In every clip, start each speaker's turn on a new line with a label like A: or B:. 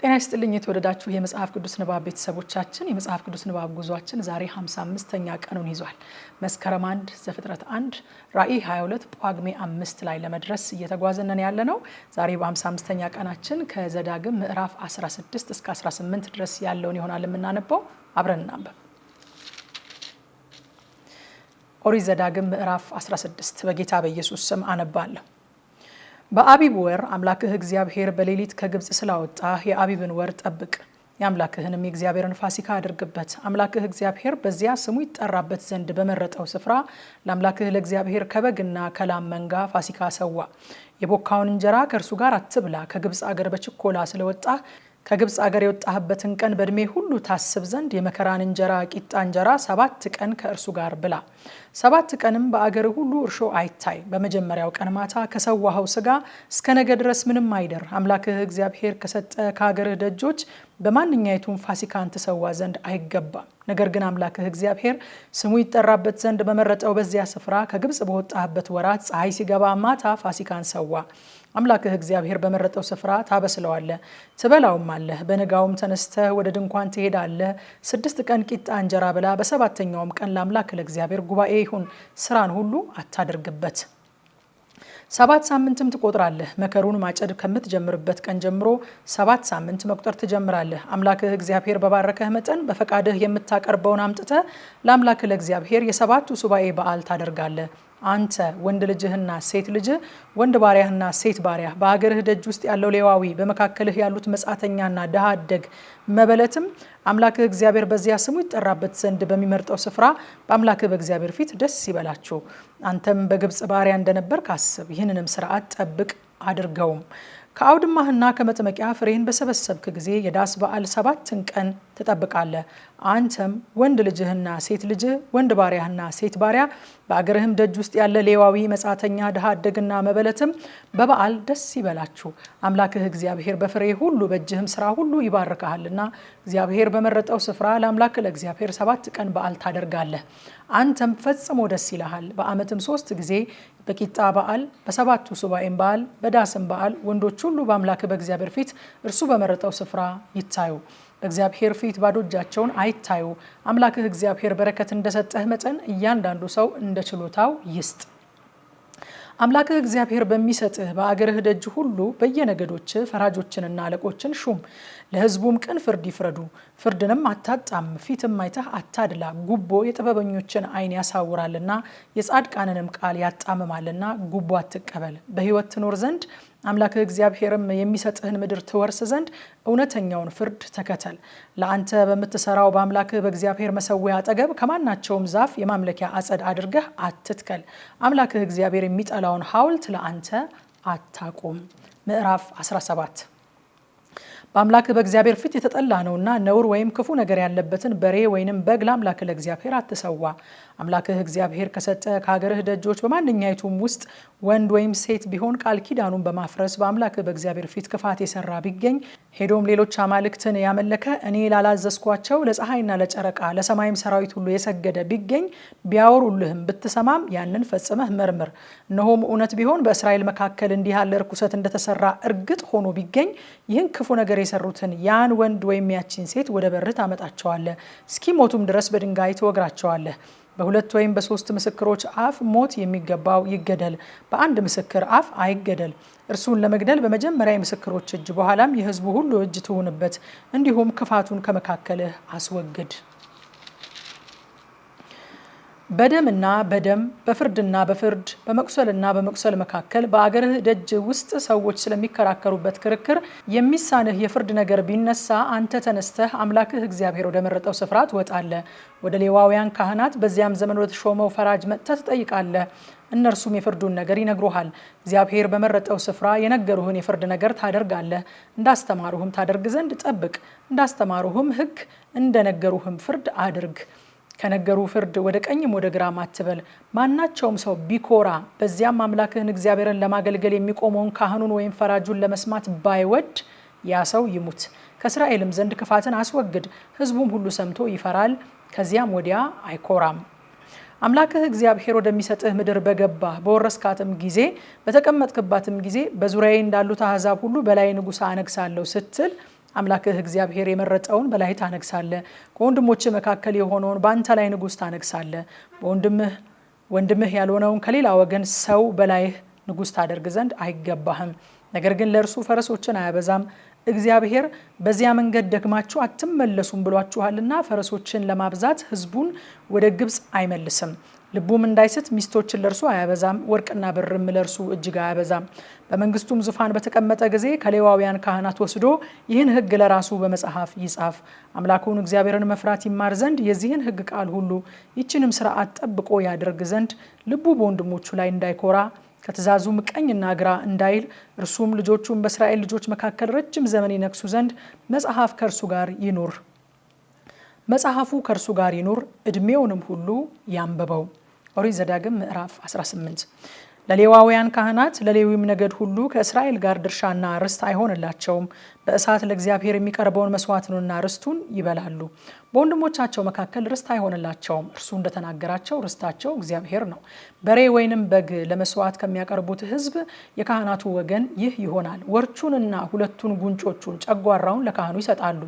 A: ጤና ይስጥልኝ የተወደዳችሁ የመጽሐፍ ቅዱስ ንባብ ቤተሰቦቻችን፣ የመጽሐፍ ቅዱስ ንባብ ጉዟችን ዛሬ 55ኛ ቀኑን ይዟል። መስከረም 1 ዘፍጥረት 1 ራዕይ 22 ጳጉሜ አምስት ላይ ለመድረስ እየተጓዘነን ያለ ነው። ዛሬ በ55ኛ ቀናችን ከዘዳግም ምዕራፍ 16 እስከ 18 ድረስ ያለውን ይሆናል የምናነበው። አብረን እናንበብ። ኦሪት ዘዳግም ምዕራፍ 16 በጌታ በኢየሱስ ስም አነባለሁ። በአቢብ ወር አምላክህ እግዚአብሔር በሌሊት ከግብፅ ስላወጣህ የአቢብን ወር ጠብቅ። የአምላክህንም የእግዚአብሔርን ፋሲካ አድርግበት። አምላክህ እግዚአብሔር በዚያ ስሙ ይጠራበት ዘንድ በመረጠው ስፍራ ለአምላክህ ለእግዚአብሔር ከበግና ከላም መንጋ ፋሲካ ሰዋ። የቦካውን እንጀራ ከእርሱ ጋር አትብላ፣ ከግብፅ አገር በችኮላ ስለወጣህ ከግብፅ አገር የወጣህበትን ቀን በእድሜ ሁሉ ታስብ ዘንድ የመከራን እንጀራ ቂጣ እንጀራ ሰባት ቀን ከእርሱ ጋር ብላ። ሰባት ቀንም በአገር ሁሉ እርሾ አይታይ። በመጀመሪያው ቀን ማታ ከሰዋኸው ስጋ እስከ ነገ ድረስ ምንም አይደር። አምላክህ እግዚአብሔር ከሰጠ ከአገርህ ደጆች በማንኛይቱም ፋሲካን ትሰዋ ዘንድ አይገባም። ነገር ግን አምላክህ እግዚአብሔር ስሙ ይጠራበት ዘንድ በመረጠው በዚያ ስፍራ ከግብፅ በወጣህበት ወራት ፀሐይ ሲገባ ማታ ፋሲካን ሰዋ። አምላክህ እግዚአብሔር በመረጠው ስፍራ ታበስለዋለህ፣ ትበላውም አለህ። በንጋውም ተነስተህ ወደ ድንኳን ትሄዳለህ። ስድስት ቀን ቂጣ እንጀራ ብላ፣ በሰባተኛውም ቀን ለአምላክ ለእግዚአብሔር ጉባኤ ይሁን፣ ስራን ሁሉ አታደርግበት ሰባት ሳምንትም ትቆጥራለህ። መከሩን ማጨድ ከምትጀምርበት ቀን ጀምሮ ሰባት ሳምንት መቁጠር ትጀምራለህ። አምላክህ እግዚአብሔር በባረከህ መጠን በፈቃድህ የምታቀርበውን አምጥተህ ለአምላክህ ለእግዚአብሔር የሰባቱ ሱባኤ በዓል ታደርጋለህ። አንተ ወንድ ልጅህና ሴት ልጅህ ወንድ ባሪያህና ሴት ባሪያህ በሀገርህ ደጅ ውስጥ ያለው ሌዋዊ በመካከልህ ያሉት መጻተኛና ድሃ አደግ መበለትም አምላክህ እግዚአብሔር በዚያ ስሙ ይጠራበት ዘንድ በሚመርጠው ስፍራ በአምላክህ በእግዚአብሔር ፊት ደስ ይበላችሁ። አንተም በግብፅ ባሪያ እንደነበር ካስብ፣ ይህንንም ስርዓት ጠብቅ አድርገውም። ከአውድማህና ከመጥመቂያ ፍሬህን በሰበሰብክ ጊዜ የዳስ በዓል ሰባትን ቀን ትጠብቃለህ። አንተም ወንድ ልጅህና ሴት ልጅህ ወንድ ባሪያህና ሴት ባሪያ በአገርህም ደጅ ውስጥ ያለ ሌዋዊ፣ መጻተኛ፣ ድሃ አደግና መበለትም በበዓል ደስ ይበላችሁ። አምላክህ እግዚአብሔር በፍሬ ሁሉ በእጅህም ስራ ሁሉ ይባርክሃልና እግዚአብሔር በመረጠው ስፍራ ለአምላክ ለእግዚአብሔር ሰባት ቀን በዓል ታደርጋለህ። አንተም ፈጽሞ ደስ ይልሃል። በዓመትም ሶስት ጊዜ በቂጣ በዓል በሰባቱ ሱባኤም በዓል በዳስም በዓል ወንዶች ሁሉ በአምላክ በእግዚአብሔር ፊት እርሱ በመረጠው ስፍራ ይታዩ። በእግዚአብሔር ፊት ባዶ እጃቸውን አይታዩ። አምላክህ እግዚአብሔር በረከት እንደሰጠህ መጠን እያንዳንዱ ሰው እንደ ችሎታው ይስጥ። አምላክህ እግዚአብሔር በሚሰጥህ በአገርህ ደጅ ሁሉ በየነገዶች ፈራጆችንና አለቆችን ሹም። ለሕዝቡም ቅን ፍርድ ይፍረዱ። ፍርድንም አታጣም፣ ፊትም አይተህ አታድላ። ጉቦ የጥበበኞችን ዓይን ያሳውራልና የጻድቃንንም ቃል ያጣምማልና ጉቦ አትቀበል። በሕይወት ትኖር ዘንድ አምላክህ እግዚአብሔርም የሚሰጥህን ምድር ትወርስ ዘንድ እውነተኛውን ፍርድ ተከተል። ለአንተ በምትሰራው በአምላክህ በእግዚአብሔር መሰዊያ አጠገብ ከማናቸውም ዛፍ የማምለኪያ አጸድ አድርገህ አትትከል። አምላክህ እግዚአብሔር የሚጠላው የሞላውን ሐውልት ለአንተ አታቁም። ምዕራፍ 17 በአምላክ በእግዚአብሔር ፊት የተጠላ ነውና ነውር ወይም ክፉ ነገር ያለበትን በሬ ወይንም በግ ለአምላክ ለእግዚአብሔር አትሰዋ። አምላክህ እግዚአብሔር ከሰጠ ከሀገርህ ደጆች በማንኛይቱም ውስጥ ወንድ ወይም ሴት ቢሆን ቃል ኪዳኑን በማፍረስ በአምላክህ በእግዚአብሔር ፊት ክፋት የሰራ ቢገኝ ሄዶም ሌሎች አማልክትን ያመለከ እኔ ላላዘዝኳቸው ለፀሐይና ለጨረቃ ለሰማይም ሰራዊት ሁሉ የሰገደ ቢገኝ ቢያወሩልህም ብትሰማም ያንን ፈጽመህ መርምር። እነሆም እውነት ቢሆን በእስራኤል መካከል እንዲህ ያለ ርኩሰት እንደተሰራ እርግጥ ሆኖ ቢገኝ ይህን ክፉ ክፉ ነገር የሰሩትን ያን ወንድ ወይም ያቺን ሴት ወደ በርህ ታመጣቸዋለህ፣ እስኪሞቱም ድረስ በድንጋይ ትወግራቸዋለህ። በሁለት ወይም በሶስት ምስክሮች አፍ ሞት የሚገባው ይገደል፣ በአንድ ምስክር አፍ አይገደል። እርሱን ለመግደል በመጀመሪያ የምስክሮች እጅ በኋላም የሕዝቡ ሁሉ እጅ ትሁንበት። እንዲሁም ክፋቱን ከመካከልህ አስወግድ። በደምና በደም በፍርድና በፍርድ በመቁሰልና በመቁሰል መካከል በአገርህ ደጅ ውስጥ ሰዎች ስለሚከራከሩበት ክርክር የሚሳንህ የፍርድ ነገር ቢነሳ አንተ ተነስተህ አምላክህ እግዚአብሔር ወደመረጠው ስፍራ ትወጣለህ። ወደ ሌዋውያን ካህናት በዚያም ዘመን ወደተሾመው ፈራጅ መጥተህ ትጠይቃለህ። እነርሱም የፍርዱን ነገር ይነግሩሃል። እግዚአብሔር በመረጠው ስፍራ የነገሩህን የፍርድ ነገር ታደርጋለህ። እንዳስተማሩህም ታደርግ ዘንድ ጠብቅ። እንዳስተማሩህም ሕግ እንደነገሩህም ፍርድ አድርግ። ከነገሩ ፍርድ ወደ ቀኝም ወደ ግራም አትበል። ማናቸውም ሰው ቢኮራ በዚያም አምላክህን እግዚአብሔርን ለማገልገል የሚቆመውን ካህኑን ወይም ፈራጁን ለመስማት ባይወድ ያ ሰው ይሙት። ከእስራኤልም ዘንድ ክፋትን አስወግድ። ሕዝቡም ሁሉ ሰምቶ ይፈራል፣ ከዚያም ወዲያ አይኮራም። አምላክህ እግዚአብሔር ወደሚሰጥህ ምድር በገባህ በወረስካትም ጊዜ በተቀመጥክባትም ጊዜ በዙሪያዬ እንዳሉት አሕዛብ ሁሉ በላይ ንጉሥ አነግሳለሁ ስትል አምላክህ እግዚአብሔር የመረጠውን በላይ ታነግሳለ ከወንድሞች መካከል የሆነውን በአንተ ላይ ንጉሥ ታነግሳለ። በወንድምህ ወንድምህ ያልሆነውን ከሌላ ወገን ሰው በላይህ ንጉሥ ታደርግ ዘንድ አይገባህም። ነገር ግን ለእርሱ ፈረሶችን አያበዛም። እግዚአብሔር በዚያ መንገድ ደግማችሁ አትመለሱም ብሏችኋልና ፈረሶችን ለማብዛት ሕዝቡን ወደ ግብፅ አይመልስም። ልቡም እንዳይስት ሚስቶችን ለእርሱ አያበዛም፣ ወርቅና ብርም ለእርሱ እጅግ አያበዛም። በመንግስቱም ዙፋን በተቀመጠ ጊዜ ከሌዋውያን ካህናት ወስዶ ይህን ሕግ ለራሱ በመጽሐፍ ይጻፍ። አምላኩን እግዚአብሔርን መፍራት ይማር ዘንድ የዚህን ሕግ ቃል ሁሉ ይችንም ስርዓት ጠብቆ ያደርግ ዘንድ ልቡ በወንድሞቹ ላይ እንዳይኮራ ከትእዛዙም ቀኝና ግራ እንዳይል እርሱም ልጆቹም በእስራኤል ልጆች መካከል ረጅም ዘመን ይነግሱ ዘንድ መጽሐፍ ከእርሱ ጋር ይኑር። መጽሐፉ ከእርሱ ጋር ይኑር፣ እድሜውንም ሁሉ ያንብበው። ኦሪት ዘዳግም ምዕራፍ 18 ለሌዋውያን ካህናት ለሌዊም ነገድ ሁሉ ከእስራኤል ጋር ድርሻና ርስት አይሆንላቸውም። በእሳት ለእግዚአብሔር የሚቀርበውን መስዋዕትንና ርስቱን ይበላሉ። በወንድሞቻቸው መካከል ርስት አይሆንላቸውም። እርሱ እንደተናገራቸው ርስታቸው እግዚአብሔር ነው። በሬ ወይንም በግ ለመስዋዕት ከሚያቀርቡት ሕዝብ የካህናቱ ወገን ይህ ይሆናል። ወርቹንና ሁለቱን ጉንጮቹን ጨጓራውን ለካህኑ ይሰጣሉ።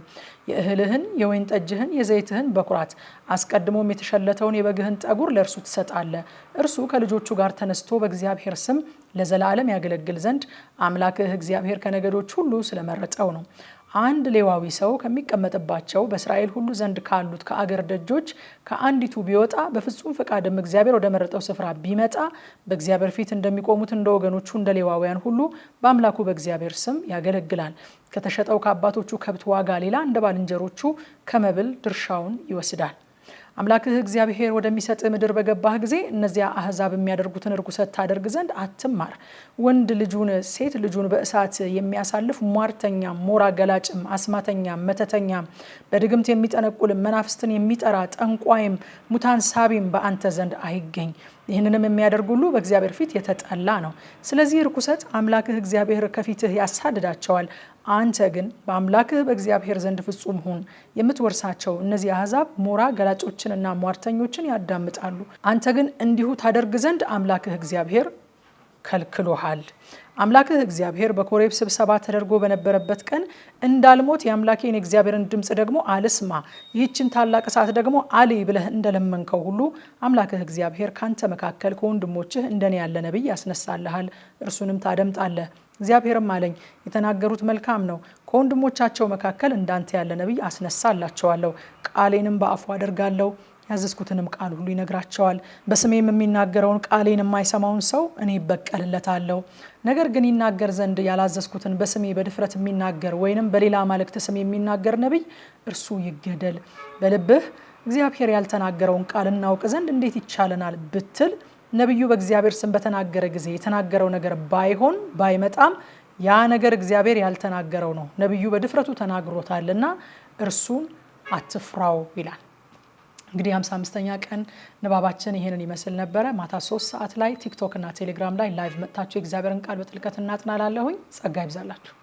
A: የእህልህን፣ የወይን ጠጅህን፣ የዘይትህን በኩራት አስቀድሞም የተሸለተውን የበግህን ጠጉር ለእርሱ ትሰጣለ። እርሱ ከልጆቹ ጋር ተነስቶ በእግዚአብሔር ስም ለዘላለም ያገለግል ዘንድ አምላክህ እግዚአብሔር ከነገዶች ሁሉ ስለመረጠው ነው። አንድ ሌዋዊ ሰው ከሚቀመጥባቸው በእስራኤል ሁሉ ዘንድ ካሉት ከአገር ደጆች ከአንዲቱ ቢወጣ በፍጹም ፈቃድም እግዚአብሔር ወደ መረጠው ስፍራ ቢመጣ በእግዚአብሔር ፊት እንደሚቆሙት እንደ ወገኖቹ እንደ ሌዋውያን ሁሉ በአምላኩ በእግዚአብሔር ስም ያገለግላል። ከተሸጠው ከአባቶቹ ከብት ዋጋ ሌላ እንደ ባልንጀሮቹ ከመብል ድርሻውን ይወስዳል። አምላክህ እግዚአብሔር ወደሚሰጥ ምድር በገባህ ጊዜ እነዚያ አህዛብ የሚያደርጉትን ርኩሰት ታደርግ ዘንድ አትማር። ወንድ ልጁን ሴት ልጁን በእሳት የሚያሳልፍ ሟርተኛ፣ ሞራ ገላጭም፣ አስማተኛ፣ መተተኛ፣ በድግምት የሚጠነቁልም፣ መናፍስትን የሚጠራ ጠንቋይም፣ ሙታን ሳቢም በአንተ ዘንድ አይገኝ። ይህንንም የሚያደርግ ሁሉ በእግዚአብሔር ፊት የተጠላ ነው። ስለዚህ ርኩሰት አምላክህ እግዚአብሔር ከፊትህ ያሳድዳቸዋል። አንተ ግን በአምላክህ በእግዚአብሔር ዘንድ ፍጹም ሁን። የምትወርሳቸው እነዚህ አሕዛብ ሞራ ገላጮችንና ሟርተኞችን ያዳምጣሉ። አንተ ግን እንዲሁ ታደርግ ዘንድ አምላክህ እግዚአብሔር ከልክሎሃል። አምላክህ እግዚአብሔር በኮሬብ ስብሰባ ተደርጎ በነበረበት ቀን እንዳልሞት የአምላኬን የእግዚአብሔርን ድምፅ ደግሞ አልስማ፣ ይህችን ታላቅ እሳት ደግሞ አልይ ብለህ እንደለመንከው ሁሉ አምላክህ እግዚአብሔር ካንተ መካከል ከወንድሞችህ እንደኔ ያለ ነቢይ ያስነሳልሃል፣ እርሱንም ታደምጣለህ። እግዚአብሔርም አለኝ የተናገሩት መልካም ነው። ከወንድሞቻቸው መካከል እንዳንተ ያለ ነቢይ አስነሳላቸዋለሁ፣ ቃሌንም በአፉ አደርጋለሁ ያዘዝኩትንም ቃል ሁሉ ይነግራቸዋል። በስሜም የሚናገረውን ቃሌን የማይሰማውን ሰው እኔ ይበቀልለታለሁ። ነገር ግን ይናገር ዘንድ ያላዘዝኩትን በስሜ በድፍረት የሚናገር ወይንም በሌላ አማልክት ስም የሚናገር ነቢይ እርሱ ይገደል። በልብህ እግዚአብሔር ያልተናገረውን ቃል እናውቅ ዘንድ እንዴት ይቻለናል ብትል ነቢዩ በእግዚአብሔር ስም በተናገረ ጊዜ የተናገረው ነገር ባይሆን ባይመጣም ያ ነገር እግዚአብሔር ያልተናገረው ነው። ነቢዩ በድፍረቱ ተናግሮታልና እርሱን አትፍራው ይላል። እንግዲህ 55ኛ ቀን ንባባችን ይህንን ይመስል ነበረ። ማታ ሶስት ሰዓት ላይ ቲክቶክ እና ቴሌግራም ላይ ላይቭ መጥታችሁ የእግዚአብሔርን ቃል በጥልቀት እናጥናላለሁኝ። ጸጋ ይብዛላችሁ።